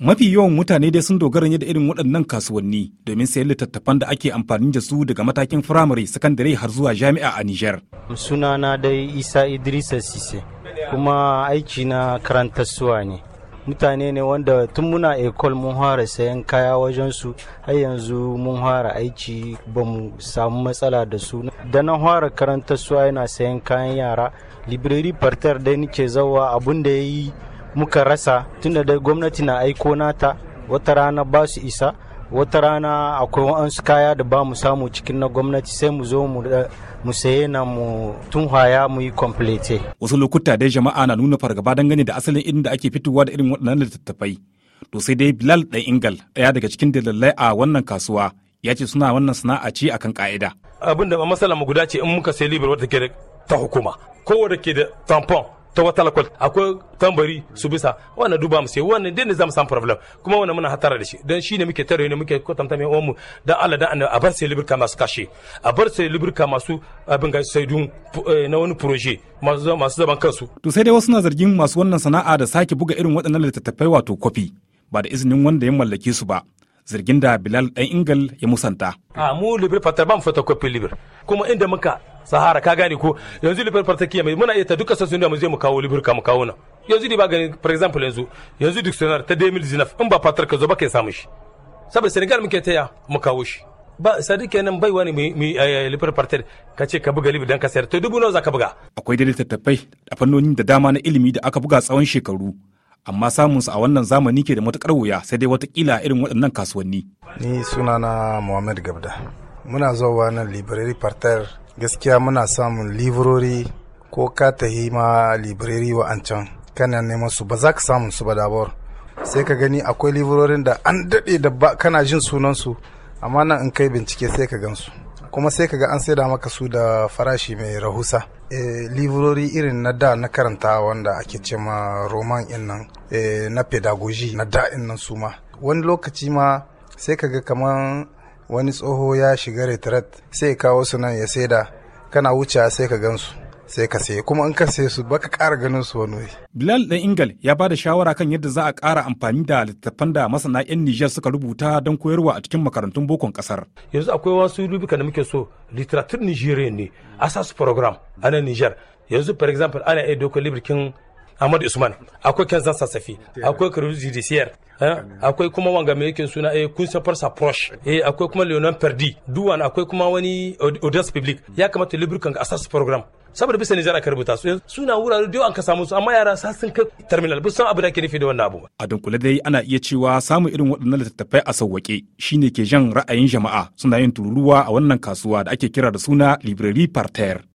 Mafi yawan mutane dai sun dogara ne da irin waɗannan kasuwanni domin sayan littattafan da ake amfani da su daga matakin firamare, sakandare har zuwa jami'a a Nijar. Sunana dai Isa Idrisa Sise, kuma aiki na karantarsuwa ne. Mutane ne wanda tun muna ekol mun fara sayan kaya wajen su har yanzu mun fara aiki ba mu samu matsala da su. Da na fara karantarsuwa yana sayan kayan yara, library parter dai nike zawa abun da ya yi muka rasa tunda da gwamnati na aiko nata wata rana ba su isa wata rana akwai wa'ansu kaya da ba mu samu cikin na gwamnati sai mu zo mu eh, saye na mu tunhaya mu yi komplete. Wasu lokuta dai jama'a na nuna fargaba dangane da asalin irin da ake fitowa da irin waɗannan littattafai. To sai dai Bilal ɗan Ingal ɗaya daga cikin dalilai a wannan kasuwa ya ce suna wannan sana'a ce akan ka'ida. Abin da masala mu guda ce in muka sai libar wata ke ta hukuma kowa da ke da tampon ta wata lakwal akwai tambari su bisa wanda duba mu sai wannan dai ne zamu samu problem kuma wannan muna hatara da shi dan shine ne muke tare ne muke ko tamtame uwan mu dan Allah dan a bar sai liburka masu kashe a bar sai liburka masu abin ga sai dun eh, na wani proje masu masu zaman kansu to sai dai wasu na zargin masu wannan sana'a da sake buga irin waɗannan littattafai wato kofi ba da izinin wanda ya mallake su ba zargin da Bilal dan Ingal ya musanta a mu liburka ta ba mu photocopy libir kuma inda muka sahara ka gane ko yanzu libar fartakiya mai muna iya ta duka sassan duniya mu je mu kawo libar ka mu kawo na yanzu ba gani for example yanzu yanzu dictionary ta 2019 in ba fatar ka zo ba kai samu shi saboda senegal muke taya mu kawo shi ba sadiq kenan bai wani mi eh, eh, lifar ka ce ka buga libi dan ka sayar to dubu nawa zaka buga akwai da littattafai a fannoni da dama na ilimi da aka buga tsawon shekaru amma samun su a wannan zamani ke da matukar wuya sai dai watakila irin waɗannan kasuwanni ni sunana muhammad gabda muna zuwa nan library parterre gaskiya muna samun librori ko ka tahi ma librari wa an can kana neman su ba za ka samun su ba dabar sai ka gani akwai librorin da an daɗe da ba kana jin sunansu su amma nan in kai bincike sai ka gansu kuma sai ka ga an saida maka su da farashi mai rahusa e, eh, librori irin na da na karanta wanda ake ce ma roman in nan eh, na pedagogy na da in nan su ma wani lokaci ma sai ka ga kamar wani tsoho ya shiga retret sai kawo su nan ya saida kana wucewa sai ka gansu sai ka saye kuma in ka saye su baka ƙara ganin su wani wai. Bilal ɗan Ingal ya ba da shawara kan yadda za a ƙara amfani da littattafan da masana 'yan Nijar suka rubuta don koyarwa a cikin makarantun bokon ƙasar. Yanzu akwai wasu rubuka da muke so literatur Nijeriya ne a sa su program a nan Nijar. Yanzu for example ana iya dokar librikin Ahmad Usman akwai Kenzan Sassafi akwai Karu Judiciaire eh, akwai kuma wanga mai yake suna eh Kunsa Force Proche eh akwai kuma Leonard Perdi duwan akwai kuma wani Audience Public ya kamata Lubrican a sasu program saboda bisa ne za ka rubuta su eh, suna wurare da an ka samu su amma yara sa sun kai terminal bisa abu da ke nufi da wannan abu a dunkule dai ana iya cewa samun irin waɗannan littattafai a sauwaƙe shine ke jan ra'ayin jama'a suna yin tururuwa a wannan kasuwa da ake kira da suna library parterre